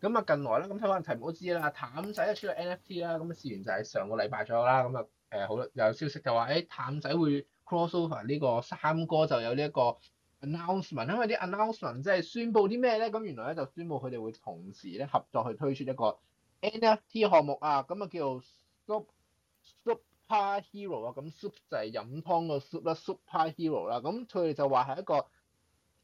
咁啊，近來咧，咁睇翻題目都知啦，譚仔啊出咗 NFT 啦，咁啊事源就係上個禮拜左右啦，咁啊誒好有消息就話誒譚仔會 cross over 呢個三哥就有呢一個 announcement，因為啲 announcement 即係宣佈啲咩咧？咁原來咧就宣佈佢哋會同時咧合作去推出一個 NFT 項目啊，咁啊叫做 soup super hero 啊，咁 soup 就係飲湯個 soup 啦，super hero 啦，咁佢哋就話係一個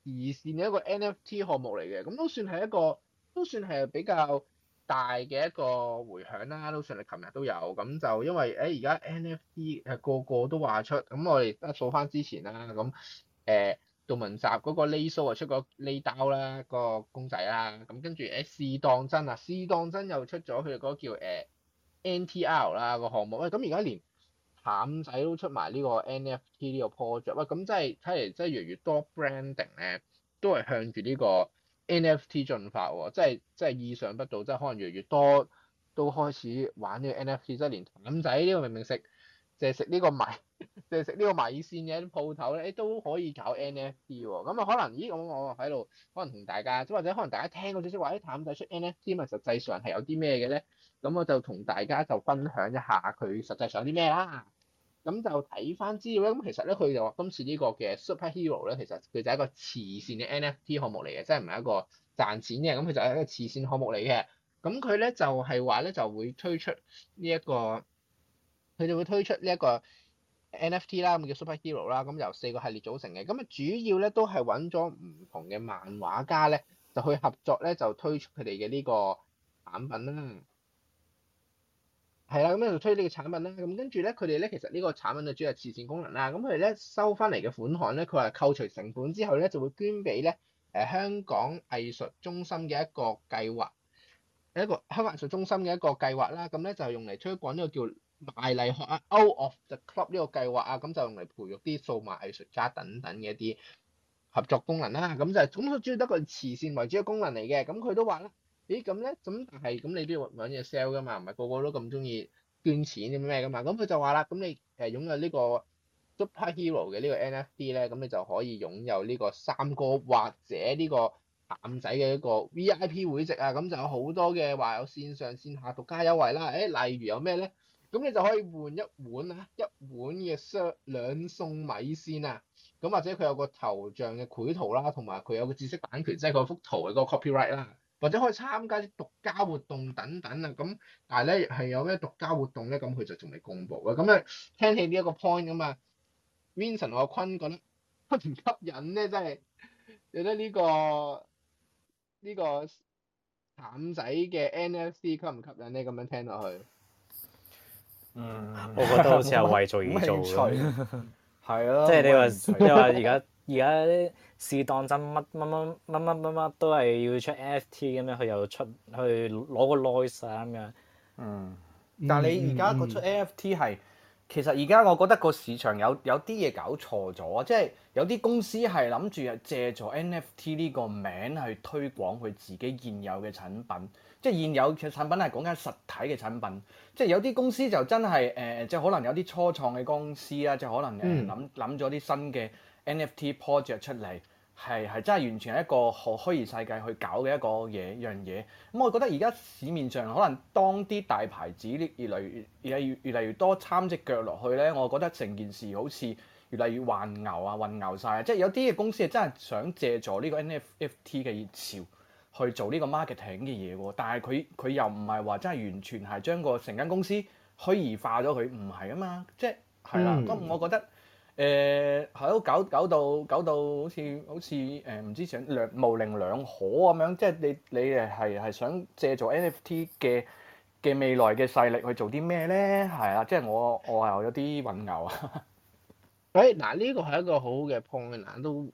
移善嘅一個 NFT 項目嚟嘅，咁都算係一個。都算係比較大嘅一個迴響啦，都算你琴日都有咁就因為誒而、欸、家 NFT 誒個，個個都話出，咁我哋得數翻之前啦，咁誒、欸、杜文集嗰個 Lay s 啊出個 Lay Doll 啦、那個公仔啦，咁跟住誒 C 當真啊 C 當真又出咗佢個叫誒、欸、NTL 啦、那個項目，喂咁而家連淡仔都出埋呢個 NFT 呢個 project，喂咁真係睇嚟真係越嚟越多 branding 咧，都係向住呢、這個。NFT 進化喎，即係即係意想不到，即係可能越來越多都開始玩呢個 NFT，即係連譚仔呢個明明食即係食呢個米，即係食呢個米線嘅啲鋪頭咧，誒都可以搞 NFT 喎、哦。咁啊可能，咦，我我喺度可能同大家，即或者可能大家聽過少少話啲譚仔出 NFT 咪實際上係有啲咩嘅咧？咁我就同大家就分享一下佢實際上有啲咩啦。咁就睇翻資料咧。咁其實咧，佢就話今次呢個嘅 Superhero 咧，其實佢就係一個慈善嘅 NFT 項目嚟嘅，即係唔係一個賺錢嘅。咁佢就係一個慈善項目嚟嘅。咁佢咧就係話咧，就會推出呢、這、一個，佢哋會推出呢一個 NFT 啦，咁叫 Superhero 啦。咁由四個系列組成嘅。咁啊，主要咧都係揾咗唔同嘅漫畫家咧，就去合作咧，就推出佢哋嘅呢個產品啦。係啦，咁咧就推呢個產品啦，咁跟住咧佢哋咧其實呢個產品就主要係慈善功能啦，咁佢哋咧收翻嚟嘅款項咧，佢話扣除成本之後咧就會捐俾咧誒香港藝術中心嘅一個計劃，一個香港藝術中心嘅一個計劃啦，咁咧就用嚟推廣呢個叫賣力學啊 Out of the Club 呢個計劃啊，咁就用嚟培育啲數碼藝術家等等嘅一啲合作功能啦，咁就係咁佢主要得個慈善為主要功能嚟嘅，咁佢都話啦。咦咁咧，咁係咁你都要揾嘢 sell 噶嘛，唔係個個都咁中意捐錢咁咩噶嘛？咁佢就話啦，咁你誒擁有個 Super 個呢個《Super Hero》嘅呢個 NFT 咧，咁你就可以擁有呢個三哥或者呢個譚仔嘅一個 VIP 會籍啊，咁就有好多嘅話有線上線下獨家優惠啦。誒、欸、例如有咩咧？咁你就可以換一碗啊，一碗嘅雙兩餸米線啊，咁或者佢有個頭像嘅繪圖啦，同埋佢有個知識版權，即係嗰幅圖嘅個 copyright 啦。或者可以參加啲獨家活動等等啊，咁但係咧係有咩獨家活動咧，咁佢就仲未公布啊。咁啊，聽起呢一個 point 咁啊，Vincent，我坤覺得吸唔吸引咧，真係你覺得呢、呢個呢、呢個譚仔嘅 NFC 吸唔吸引咧？咁樣聽落去，嗯，我覺得好似係為做而做嘅，係咯，即係你話你話而家。而家啲事當真乜乜乜乜乜乜乜都係要出 NFT 咁樣，佢又出去攞個 noise 啊咁樣。嗯，但係你而家個出 NFT 係其實而家我覺得個市場有有啲嘢搞錯咗，即係有啲公司係諗住借助 NFT 呢個名去推廣佢自己現有嘅產品，即係現有嘅產品係講緊實體嘅產品，即係有啲公司就真係誒、呃，即係可能有啲初創嘅公司啦，即係可能諗諗咗啲新嘅。NFT project 出嚟係係真係完全係一個虛虛擬世界去搞嘅一個嘢樣嘢，咁我覺得而家市面上可能當啲大牌子越嚟越係越嚟越多參隻腳落去咧，我覺得成件事好似越嚟越混牛啊，混牛晒啊！即係有啲嘅公司係真係想借助呢個 NFT 嘅熱潮去做呢個 marketing 嘅嘢喎，但係佢佢又唔係話真係完全係將個成間公司虛擬化咗佢，唔係啊嘛，即係啦，咁、嗯、我覺得。誒喺度搞搞到搞到好似好似誒唔知想模稜兩可咁樣，即係你你誒係係想借助 NFT 嘅嘅未來嘅勢力去做啲咩咧？係啊，即係我我又有啲混淆啊！誒 嗱、哎，呢、這個係一個好好嘅 point，嗱 都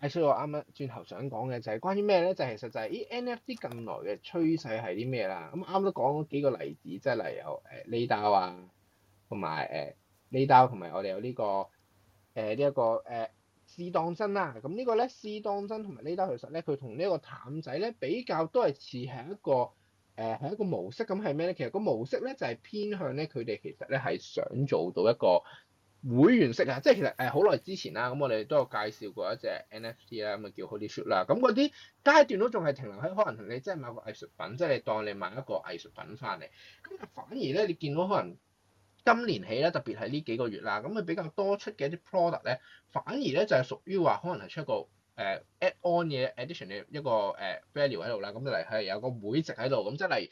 帶出我啱啱轉頭想講嘅就係關於咩咧？就是、其實就係依 NFT 近來嘅趨勢係啲咩啦？咁啱都講咗幾個例子，即係例如有喱 Dao 啊，同埋誒喱 Dao 同埋我哋有呢、這個。誒呢一個誒試當真啦，咁、這個、呢，當真呢個咧試當真同埋呢單其實咧，佢同呢一個譚仔咧比較都係似係一個誒係、呃、一個模式，咁係咩咧？其實個模式咧就係、是、偏向咧佢哋其實咧係想做到一個會員式啊，即係其實誒好耐之前啦，咁、嗯、我哋都有介紹過一隻 NFT 啦，咁、嗯、啊叫 HolyShxxt 啦，咁嗰啲階段都仲係停留喺可能同你即係買個藝術品，即係當你買一個藝術品翻嚟，咁、嗯、反而咧你見到可能。今年起咧，特別係呢幾個月啦，咁佢比較多出嘅一啲 product 咧，反而咧就係屬於話可能係出一個誒、呃、add-on 嘅 addition 一個誒、呃、value 喺度啦。咁就嚟係有個會籍喺度，咁即係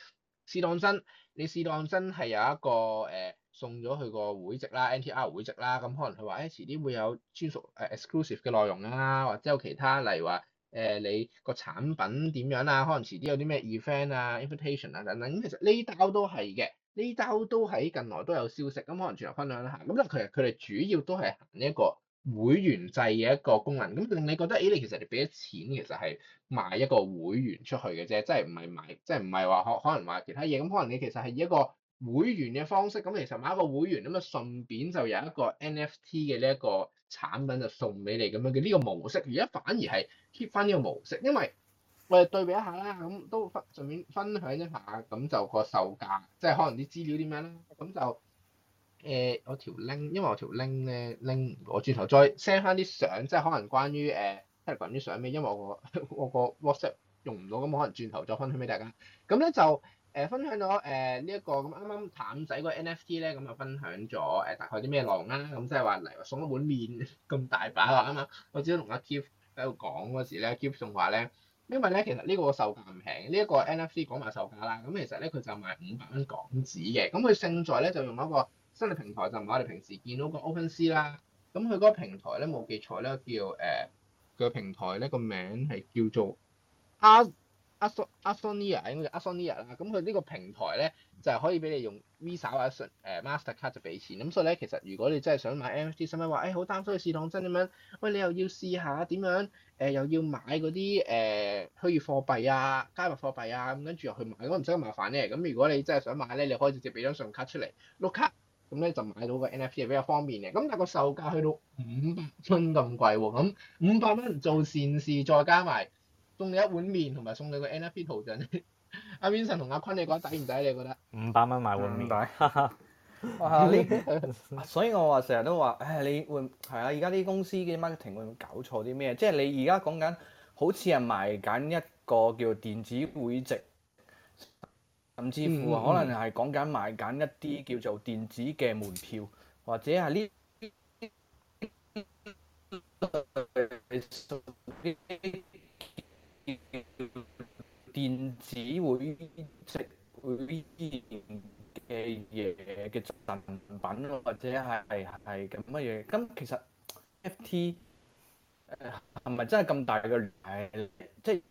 試當真，你試當真係有一個誒、呃、送咗佢個會籍啦 NTR 會籍啦，咁可能佢話誒遲啲會有專屬誒、呃、exclusive 嘅內容啊，或者有其他例如話誒、呃、你個產品點樣啊，可能遲啲有啲咩 event 啊，invitation 啊等等，其實呢兜都係嘅。呢週都喺近來都有消息，咁可能全部分享一下。咁但其實佢哋主要都係行一個會員制嘅一個功能，咁令你覺得，咦、哎？你其實你俾咗錢其實係買一個會員出去嘅啫，即係唔係買，即係唔係話可可能話其他嘢。咁可能你其實係以一個會員嘅方式，咁其實買一個會員咁啊，順便就有一個 NFT 嘅呢一個產品就送俾你咁樣嘅呢個模式，而家反而係 keep 翻呢個模式，因為我哋對比一下啦，咁都分順便分享一下，咁就個售價，即係可能啲資料點樣咧，咁就誒我條 link，因為我條 link 咧 link 我轉頭再 send 返啲相，即係可能關於誒 Telegram 啲相咩，因為我個我個 WhatsApp 用唔到，咁我可能轉頭再分享俾大家。咁咧就誒分享咗誒呢一個咁啱啱譚仔個 NFT 咧，咁啊分享咗誒大概啲咩內容啦，咁即係話嚟送咗碗麵咁大把啦啊嘛，我之前同阿 Keep 喺度講嗰時咧，Keep 仲話咧。因為咧、這個嗯，其實呢個售價唔平，呢一個 NFT 講埋售價啦，咁其實咧佢就賣五百蚊港紙嘅，咁佢勝在咧就用一個新嘅平台，就唔係我哋平時見到個 OpenSea 啦，嗯，咁佢嗰個平台咧冇記錯咧叫誒，個、呃、平台咧個名係叫做 R。Upson i a ia, 應該叫 Upsonia 啦，咁佢呢個平台咧就係、是、可以俾你用 Visa 或者誒 Mastercard 就俾錢，咁所以咧其實如果你真係想買 NFT，唔使話誒好擔心去試當真咁樣，喂，你又要試下點樣誒、呃、又要買嗰啲誒虛擬貨幣啊加密貨幣啊，咁跟住又去買，如果唔使咁麻煩咧。咁如果你真係想買咧，你可以直接俾張信用卡出嚟碌卡，咁咧就買到個 NFT 係比較方便嘅。咁但係個售價去到五百蚊咁貴喎、啊，咁五百蚊做善事再加埋。送你一碗麵同埋送你個 NFT 圖像，阿、 啊、Vincent 同阿、啊、坤，你講抵唔抵？你覺得五百蚊買碗麵，唔抵 ，所以我話成日都話，唉、哎，你會係啊？而家啲公司嘅 marketing 會唔會搞錯啲咩？即係你而家講緊好似係賣緊一個叫電子會籍，甚至乎可能係講緊賣緊一啲叫做電子嘅門票，或者係呢、這個？電子會食會嘅嘢嘅贈品或者係係咁乜嘢？咁其實 FT 係、呃、咪真係咁大嘅？即、啊、係、就是、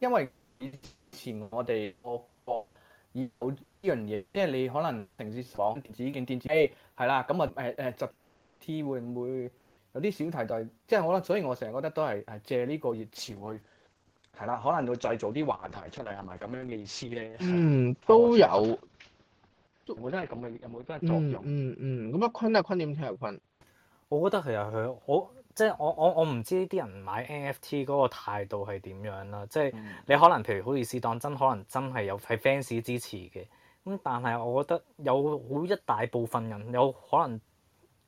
因為以前我哋個個有呢樣嘢，即係、就是、你可能成日講電子已件、電子機，係、欸、啦。咁啊誒誒集 T 會唔會有啲小題在？即、就、係、是、我覺得，所以我成日覺得都係誒借呢個熱潮去。係啦，可能要製造啲話題出嚟，係咪咁樣嘅意思咧？嗯，都有都冇，都係咁嘅，有冇都係作用。嗯嗯，咁阿坤啊，坤點睇阿坤？我覺得其實佢好即係我我我唔知呢啲人買 NFT 嗰個態度係點樣啦。即係你可能譬如好似事當真，可能真係有係 fans 支持嘅，咁，但係我覺得有好一大部分人有可能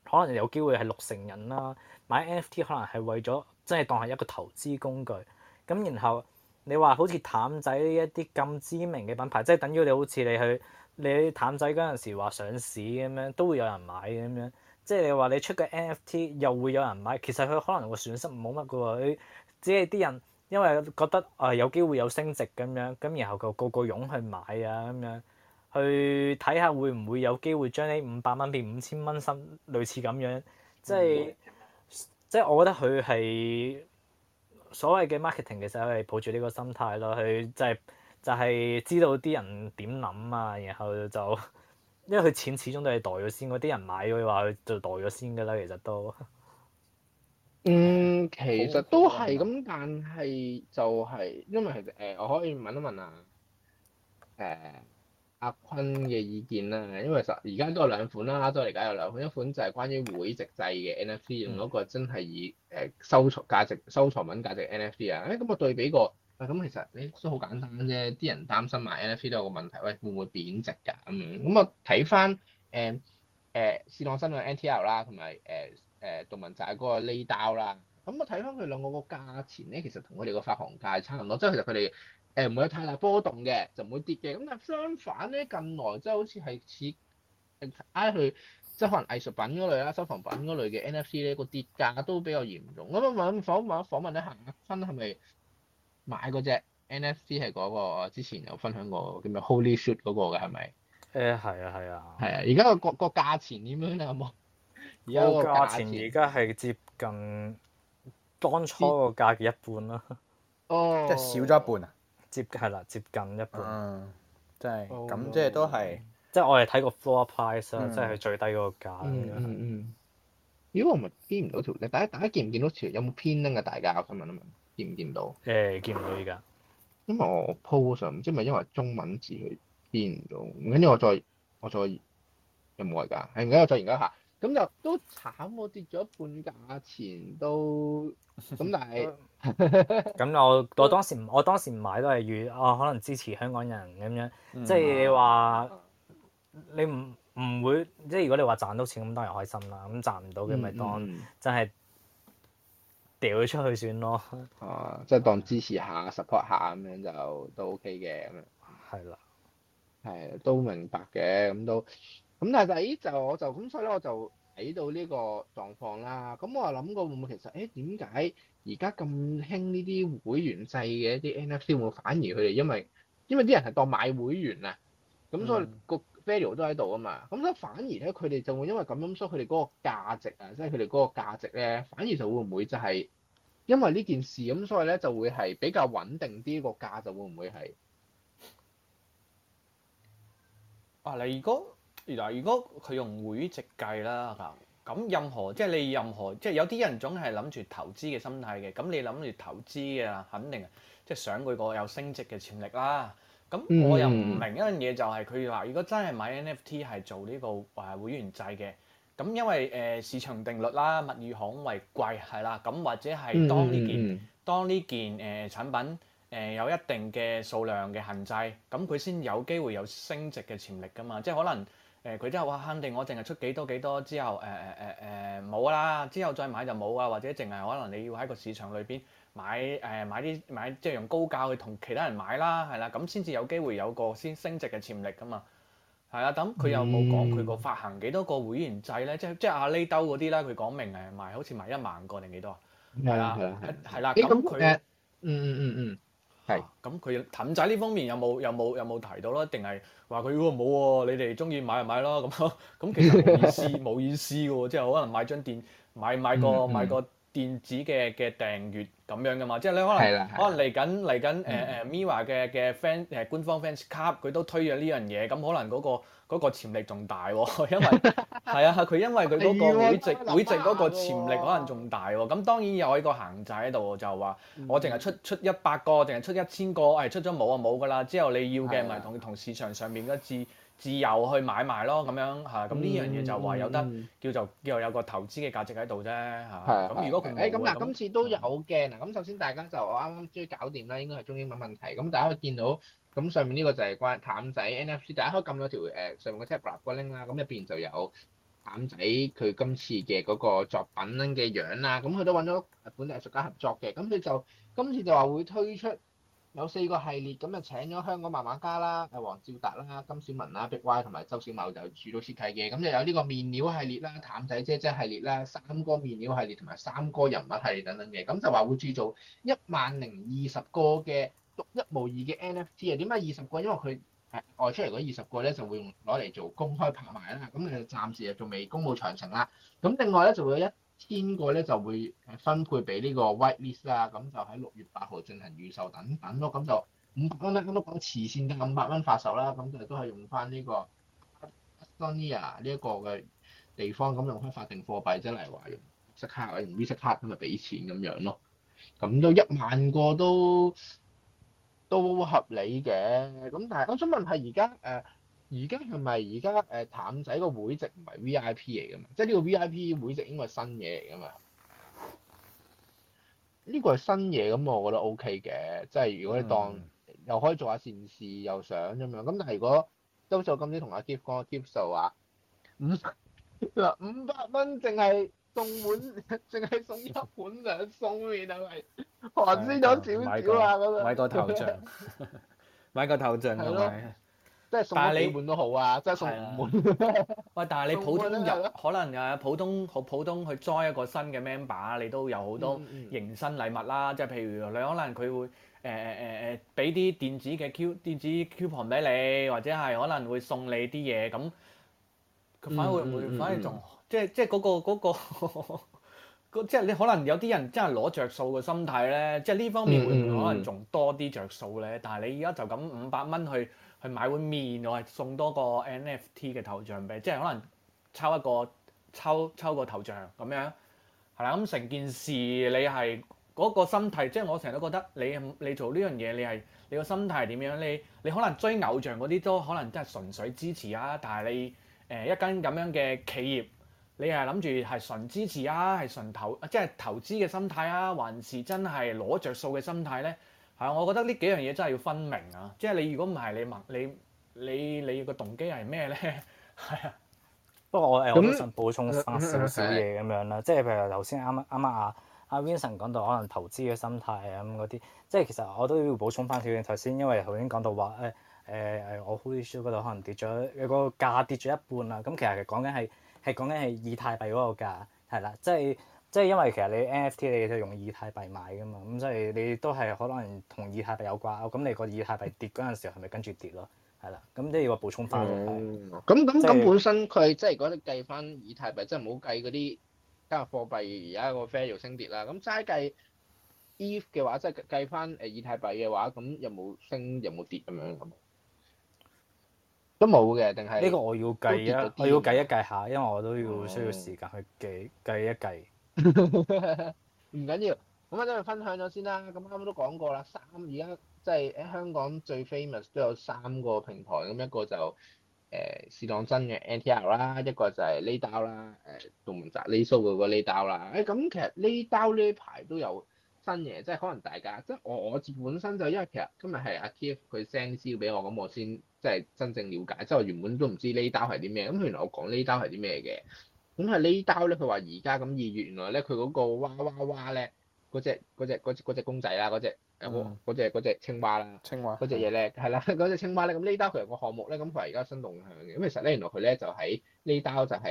可能有機會係六成人啦，買 NFT 可能係為咗即係當係一個投資工具。咁然後你話好似譚仔呢一啲咁知名嘅品牌，即係等於你好似你去你去譚仔嗰陣時話上市咁樣都會有人買咁樣，即係你話你出個 NFT 又會有人買，其實佢可能個損失冇乜噶喎，只係啲人因為覺得啊、呃、有機會有升值咁樣，咁然後就個個湧去買啊咁樣，去睇下會唔會有機會將呢五百蚊變五千蚊新，類似咁樣，即係、嗯、即係我覺得佢係。所謂嘅 marketing 其實係抱住呢個心態咯，佢就係就係知道啲人點諗啊，然後就因為佢錢始終都係袋咗先，嗰啲人買咗話佢就袋咗先噶啦，其實都嗯，其實都係咁，但係就係，因為其實誒，我可以問一問啊，誒。阿坤嘅意見啦，因為實而家都有兩款啦，拉多嚟解有兩款，一款就係關於會籍制嘅 NFT，另嗰個真係以誒收藏價值、收藏品價值 NFT 啊、欸，誒咁我對比過，咁、欸、其實你都好簡單啫，啲人擔心買 NFT 都有個問題，喂、欸、會唔會貶值㗎？咁咁我睇翻誒誒試當真嘅 NTL 啦，同埋誒誒杜汶澤嗰個喱 Dao 啦，咁我睇翻佢兩個個價錢咧，其實同佢哋個發行價差唔多，即係其實佢哋。誒唔、欸、會有太大波動嘅，就唔會跌嘅。咁但相反咧，近來即係好似係似挨佢，即係可能藝術品嗰類啦、收藏品嗰類嘅 NFT 咧，個跌價都比較嚴重。咁問問訪問訪問你行坤係咪買嗰隻 NFT 係嗰個、那個、之前有分享過叫咩 HolyShxxt 嗰個嘅係咪？誒係啊係啊。係啊，而家個個個價錢點樣咧？有冇？而家個價錢而家係接近當初個價嘅一半啦。哦。即係少咗一半啊！哦接係啦，接近一半，嗯、即係咁，即係都係，即係我哋睇個 floor price 即係佢最低嗰個價嗯。嗯嗯。咦、呃？我咪編唔到條咧？大家見見大家見唔見到條？有冇編㗎？大家咁問啦問，見唔見到？誒、欸，見唔到依家、啊。因為我 post 上唔知咪因為中文字去編唔到，跟住我再我再，我再有冇位㗎？誒唔緊要，我再研究下。咁就都慘，我跌咗一半價錢都，咁但係咁 我我當時唔我當時唔買都係預，哦可能支持香港人咁樣，即係你話你唔唔會即係如果你話賺到錢咁當然開心啦，咁賺唔到嘅咪、嗯嗯、當真係掉咗出去算咯。哦、啊，即、就、係、是、當支持下、嗯、support 下咁樣就都 OK 嘅咁樣。係啦的，係的都明白嘅咁都。咁但係就誒就我就咁所以咧我就睇到呢個狀況啦。咁我又諗過會唔會，其實誒點解而家咁興呢啲會員制嘅一啲 NFT 會反而佢哋因為因為啲人係當買會員啊，咁所以個 value 都喺度啊嘛。咁所以反而咧佢哋就會因為咁樣，所以佢哋嗰個價值啊，即係佢哋嗰個價值咧，反而就會唔會就係因為呢件事咁，所以咧就會係比較穩定啲，個價就會唔會係啊？你如果嗱，如果佢用會籍計啦，咁任何即係你任何即係有啲人總係諗住投資嘅心態嘅，咁你諗住投資嘅啦，肯定啊，即係想佢個有升值嘅潛力啦。咁我又唔明一樣嘢就係佢話，如果真係買 NFT 係做呢個誒會員制嘅，咁因為誒市場定律啦，物以罕為貴係啦，咁或者係當呢件當呢件誒產品誒有一定嘅數量嘅限制，咁佢先有機會有升值嘅潛力㗎嘛，即係可能。誒佢真係話，肯定我淨係出幾多幾多之後，誒誒誒誒冇啦，之後再買就冇啊，或者淨係可能你要喺個市場裏邊買誒、呃、買啲買，即係用高價去同其他人買啦，係啦，咁先至有機會有個先升值嘅潛力噶嘛，係啦。咁佢有冇講佢個發行幾多個會員制呢？嗯、即係即係阿喱 Dao 嗰啲呢，佢講明誒賣，好似賣一萬個定幾多啊？係啊係啊，係啦咁佢嗯嗯嗯嗯。嗯嗯嗯係，咁佢譚仔呢方面有冇有冇有冇提到啦？定係話佢如果冇喎，你哋中意買就買咯。咁 咁其實冇意思，冇 意思喎，即係可能買張電，買買個買個。嗯嗯電子嘅嘅訂閱咁樣噶嘛，即係你可能的可能嚟緊嚟緊誒誒 Mirror 嘅嘅 fans 誒官方 fans club，佢都推咗呢樣嘢，咁可能嗰、那個嗰、那個、潛力仲大喎，哦，因為係啊，佢 因為佢嗰個會籍會籍嗰個潛力可能仲大喎，哦，咁、 嗯、當然有喺個行仔喺度，就話我淨係出出一百個，淨係出一千個，係、哎、出咗冇就冇噶啦。之後你要嘅咪同同市場上面一致。 自由去買賣咯，咁樣嚇，咁呢樣嘢就話有得叫做又有個投資嘅價值喺度啫嚇。咁、mm, 的如果唔，誒咁嗱，那今次都有嘅嗱。咁、嗯、首先大家就我啱啱終於搞掂啦，應該係中英文問題。咁大家可以見到，咁上面呢個就係關譚仔 NFT 大家開撳咗條誒上面嘅 Telegram 個 link 啦。咁入邊就有譚仔佢今次嘅嗰個作品嘅樣啦。咁佢都揾咗日本嘅藝術家合作嘅。咁佢就今次就話會推出。有四個系列，咁就請咗香港漫畫家啦，阿黃照達啦、金小文啦、Big Y 同埋周小茂就主導設計嘅，咁就有呢個麵料系列啦、淡仔姐姐系列啦、三哥麵料系列同埋三哥人物系列等等嘅，咁就話會製造一萬零二十個嘅獨一無二嘅 NFT 啊？點解二十個？因為佢外出嚟嗰二十個咧，就會用攞嚟做公開拍賣就就啦。咁誒，暫時誒仲未公佈詳情啦。咁另外咧就會有一千個咧就會分配俾呢個 white list 啊，咁就喺六月八號進行預售等等咯，咁就五百蚊都講慈善嘅五百蚊發售啦，咁就都係用翻呢個 Sonya 呢一個嘅地方，咁用翻法定貨幣即係話用即卡用 VISA 卡咁咪俾錢咁樣咯，咁都一萬個都都合理嘅，咁但係我想問係而家誒。而家係咪而家誒譚仔個會籍唔係 V I P 嚟噶嘛？即係呢個 V I P 會籍應該係新嘢嚟㗎嘛？呢個係新嘢咁，我覺得 O K 嘅，即係如果你當又可以做下善事又想咁樣。咁但係如果優秀金子同阿 Jeff 講 Jeff 數話，五百蚊淨係送碗，淨係送一碗兩餸麵係咪？寒酸咗少少啊咁樣。買個頭像， 買個頭像係咯。但係你換都好啊，即係你送唔換。喂、啊， 但係你普通入可能啊，普通好普通去 join 一個新嘅 member，你都有好多迎新禮物啦。即係、嗯嗯、譬如你可能佢會誒誒誒俾啲電子嘅 Q 電子 coupon 俾你，或者係可能會送你啲嘢咁。佢反而會唔會，嗯嗯、反而仲即係即係嗰個嗰、嗰個即係、嗰個、 你可能有啲人真係攞着數嘅心態咧，即係呢方面會唔會可能仲多啲着數咧？但係你而家就咁五百蚊去。買碗麵，我係送多個 NFT 嘅頭像俾，即係可能抽一個抽抽個頭像咁樣，係啦。咁成件事你係嗰、那個心態，即係我成日都覺得你你做呢樣嘢，你係你個心態係點樣？你你可能追偶像嗰啲都可能真係純粹支持啊，但係你誒、呃、一間咁樣嘅企業，你係諗住係純支持啊，係純投即係投資嘅心態啊，還是真係攞着數嘅心態咧？係，我覺得呢幾樣嘢真係要分明啊！即係你如果唔係你問你你你個動機係咩咧？係啊。不過我誒，嗯、我想補充翻少少嘢咁樣啦。嗯嗯嗯、即係譬如頭先啱啱阿阿 Vincent 講到可能投資嘅心態啊咁嗰啲，即係其實我都要補充翻少少。頭先因為頭先講到話誒誒誒，我 HolyShxxt 嗰度可能跌咗個價跌咗一半啦。咁其實講緊係係講緊係以太幣嗰個價係啦，即係。即係因為其實你 NFT 你係用以太幣買噶嘛，咁即係你都係可能同以太幣有掛鈎，咁、哦、你個以太幣跌嗰陣時候係咪跟住跌咯？係啦，咁即都要個補充翻。咁咁咁本身佢即係如果計翻以太幣，即係冇計嗰啲加密貨幣而家個 value 升跌啦。咁齋計 ETH 嘅話，即係計翻誒以太幣嘅話，咁有冇升有冇跌咁樣咁？都冇嘅，定係呢個我要計、嗯、我要計一計下，因為我都要需要時間去計計一計。唔 緊要，咁我都分享咗先啦。咁啱啱都講過啦，三而家即係香港最 famous 都有三個平台，咁一個就誒事當真嘅 NTR 啦，一個就係喱 Dao 啦，誒杜汶澤呢 show 嗰個喱 Dao 啦。咁、欸、其實喱 Dao 呢排都有新嘢，即、就、係、是、可能大家即係、就是、我我自本身就因為其實今日係阿 Key 佢 send 資料俾我，咁我先即係真正了解。即、就、係、是、我原本都唔知喱 Dao 係啲咩，咁原來我講喱 Dao 係啲咩嘅。咁係喱 Dao 咧，佢話而家咁二月，原來咧佢嗰個哇哇哇咧，嗰隻隻隻隻公仔啦，嗰隻誒嗰隻隻青蛙啦，嗰隻嘢咧，係啦，嗰隻青蛙咧，咁喱 Dao 佢有其實個項目咧，咁佢係而家新動向嘅，咁其實咧原來佢咧就喺喱 Dao 就喺二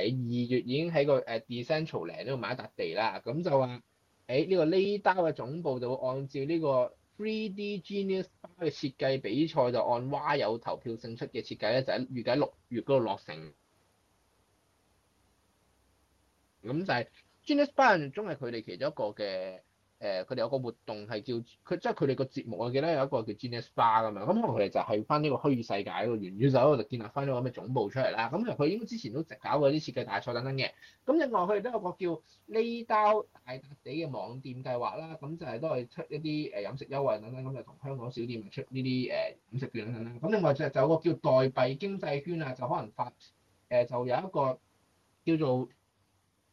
月已經喺個誒、uh, Decentraland 咧嗰度買一笪地啦，咁就話誒呢個喱 Dao 嘅總部就會按照呢個 3D Genius 嘅設計比賽就按蛙友投票勝出嘅設計咧，就喺預計六月嗰度落成。咁就係 Genius Bar 中係佢哋其中一個嘅誒，佢、呃、哋有個活動係叫佢即係佢哋個節目，我記得有一個叫 Genius Bar 啊嘛。咁我哋就係翻呢個虛擬世界、個元宇宙度建立翻呢個咁嘅總部出嚟啦。咁其佢應該之前都搞過啲設計大賽等等嘅。咁另外佢哋都有個叫呢包大笪地嘅網店計劃啦。咁就係都係出一啲誒飲食優惠等等，咁就同香港小店出呢啲誒飲食券等等。咁另外就就有個叫代幣經濟圈啊，就可能發誒、呃、就有一個叫做。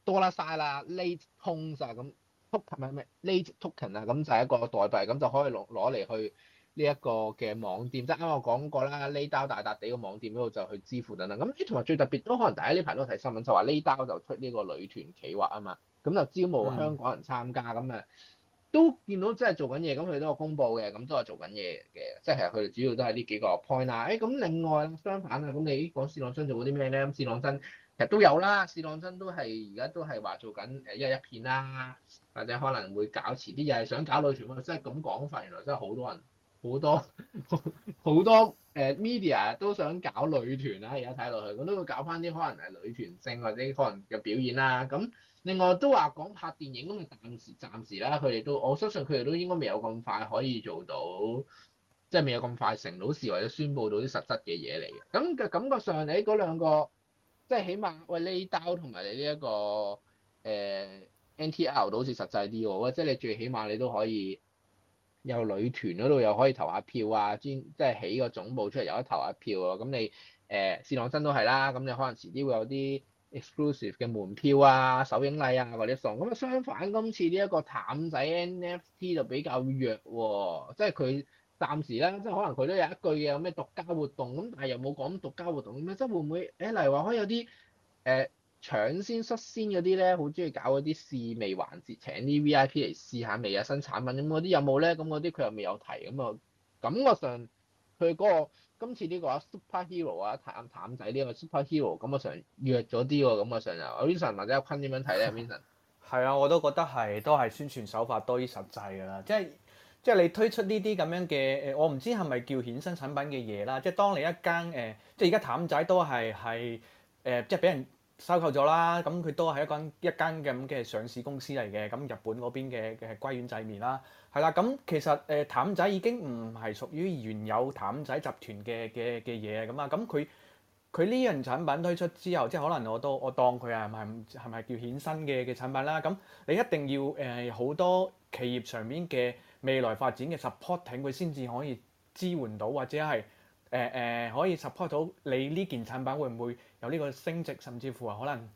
多啦晒啦，喱 Dao token 啊，咁 token 咩喱 Dao token 啊，咁就係一個代幣，咁就可以攞攞嚟去呢一個嘅網店，即係啱我講過啦，喱 Dao 大笪地個網店嗰度就去支付等等，咁，誒同埋最特別都可能大家呢排都睇新聞就話喱 Dao 就出呢個女團企劃啊嘛，咁就招募香港人參加咁啊、嗯、都見到即係做緊嘢咁，佢都有公佈嘅，咁都係做緊嘢嘅，即係其實佢哋主要都係呢幾個 point 啦。誒、哎、咁另外相反啊，咁你講事當真做啲咩咧？咁事當真。其實都有啦，試當真都係而家都係話做緊誒一日一片啦，或者可能會搞遲啲又係想搞女團，即係咁講法，原來真係好多人好多好多誒 media 都想搞女團啦。而家睇落去，咁都會搞翻啲可能誒女團性或者可能嘅表演啦。咁另外都話講拍電影咁，暫時暫時啦，佢哋都我相信佢哋都應該未有咁快可以做到，即係未有咁快成到事或者宣佈到啲實質嘅嘢嚟嘅。咁嘅感覺上喺嗰兩個。即係起碼 down、這個，喂喱 Dao 同埋你呢一個誒 n t l 都好似實際啲喎，即係你最起碼你都可以有女團嗰度又可以投下票啊，即係起個總部出嚟又可以投下票啊。咁你誒、呃、事當真都係啦，咁你可能遲啲會有啲 exclusive 嘅門票啊、首映禮啊嗰啲送，咁相反今次呢一個譚仔 NFT 就比較弱喎、啊，即係佢。暫時咧，即係可能佢都有一句嘅，有咩獨家活動，咁但係又冇講獨家活動咁樣，即係會唔會？誒、欸，例如話可以有啲誒、呃、搶先、率先嗰啲咧，好鍾意搞嗰啲試味環節，請啲 V I P 嚟試下味啊新產品咁嗰啲有冇咧？咁嗰啲佢又未有提咁啊、嗯。感覺上佢嗰、那個今次呢、這個、啊、super hero 啊、譚、譚仔呢個 super hero，咁、嗯、我上約咗啲喎。咁、嗯、我上又 Vincent 或者阿坤點樣睇咧？Vincent 係啊，我都覺得係都係宣傳手法多於實際㗎啦，即係。即係你推出呢啲咁樣嘅誒，我唔知係咪叫衍生產品嘅嘢啦。即係當你一間誒，即係而家譚仔都係係誒，即係俾人收購咗啦。咁佢都係一間一間咁嘅上市公司嚟嘅。咁日本嗰邊嘅嘅龜丸製麵啦，係啦。咁、嗯、其實誒譚仔已經唔係屬於原有譚仔集團嘅嘅嘅嘢咁啊。咁佢佢呢樣產品推出之後，即係可能我都我當佢係咪係咪叫衍生嘅嘅產品啦。咁、嗯、你一定要誒好、呃、多企業上面嘅。未來發展嘅 supporting 佢先至可以支援到，或者係誒誒可以 support 到你呢件產品會唔會有呢個升值，甚至乎啊可能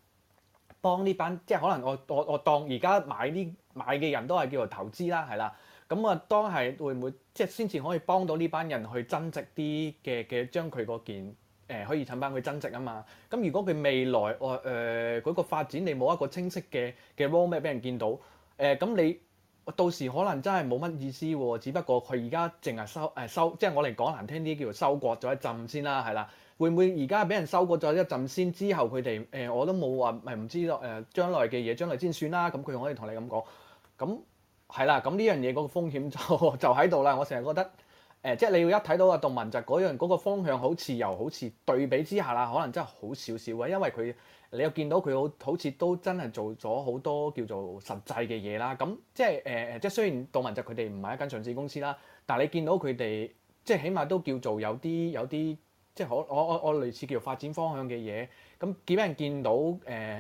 幫呢班即係可能我我我當而家買呢買嘅人都係叫做投資啦，係啦。咁、嗯、我當係會唔會即係先至可以幫到呢班人去增值啲嘅嘅，將佢嗰件誒、呃、可以產品去增值啊嘛。咁、嗯、如果佢未來我誒嗰個發展你冇一個清晰嘅嘅 roadmap 俾人見到，誒、呃、咁、嗯、你？到時可能真係冇乜意思喎、哦，只不過佢而家淨係收誒、呃、收，即係我嚟講難聽啲叫做收割咗一陣先啦、啊，係啦，會唔會而家俾人收割咗一陣先之後佢哋誒我都冇話咪唔知道誒將來嘅嘢，將來先算啦、啊，咁佢可以同你咁講，咁係啦，咁呢樣嘢嗰個風險就就喺度啦，我成日覺得。誒，即係你要一睇到啊，杜文澤嗰樣嗰個方向，好似又好似對比之下啦，可能真係好少少啊。因為佢你又見到佢好好似都真係做咗好多叫做實際嘅嘢啦。咁即係誒誒，即係、呃、雖然杜文澤佢哋唔係一間上市公司啦，但係你見到佢哋即係起碼都叫做有啲有啲即係可我我我類似叫做發展方向嘅嘢。咁幾畀人見到誒，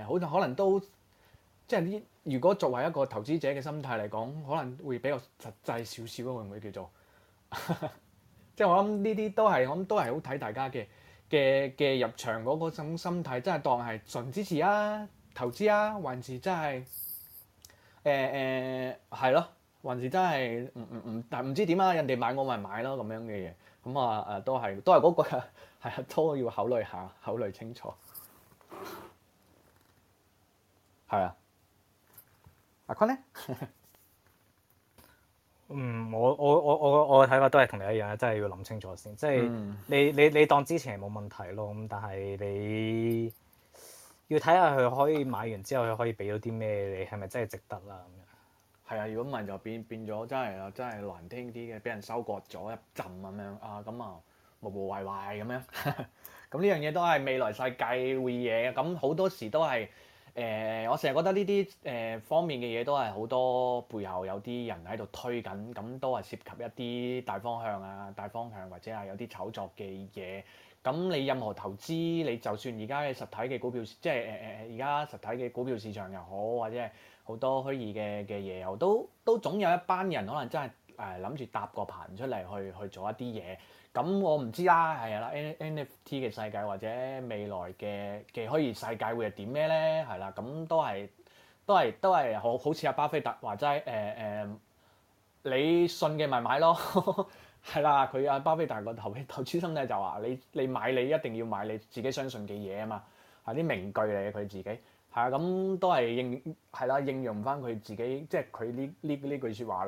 好、呃、可能都即係呢？如果作為一個投資者嘅心態嚟講，可能會比較實際少少咯，會唔會叫做？ 即係我諗呢啲都係我諗都係好睇大家嘅嘅嘅入場嗰嗰種心態，真係當係純支持啊、投資啊，還是真係誒誒係咯，還是真係唔唔唔，但唔知點啊，人哋買我咪買咯咁樣嘅嘢，咁啊誒都係都係嗰、嗰個係啊，都要考慮下，考慮清楚，係啊，阿坤康咧。 嗯，我我我我我睇法都係同你一樣咧，真係要諗清楚先。即係你、嗯、你你，你當之前係冇問題咯，咁但係你要睇下佢可以買完之後佢可以俾到啲咩，你係咪真係值得啦？咁樣係啊，如果唔係就變變咗，真係真係難聽啲嘅，俾人收割咗一陣咁、啊、樣啊，咁啊無無壞壞咁 樣。咁呢樣嘢都係未來世界會嘢，咁好多時都係。誒、呃，我成日覺得呢啲誒方面嘅嘢都係好多背後有啲人喺度推緊，咁都係涉及一啲大方向啊、大方向或者係有啲炒作嘅嘢。咁你任何投資，你就算而家嘅實體嘅股票，即係誒誒而家實體嘅股票市場又好，或者係好多虛擬嘅嘅嘢又好，都都總有一班人可能真係。誒諗住搭個棚出嚟去去做一啲嘢，咁我唔知啦，係啦。N NFT 嘅世界或者未來嘅嘅虛擬世界會係點咩咧？係啦，咁都係都係都係好好似阿巴菲特話齋誒誒，你信嘅咪買咯，係啦。佢阿巴菲特個頭投資心得就話，你你買你一定要買你自己相信嘅嘢啊嘛，係啲名句嚟嘅，佢自己係啊，咁都係應係啦，應用唔翻佢自己即係佢呢呢呢句説話。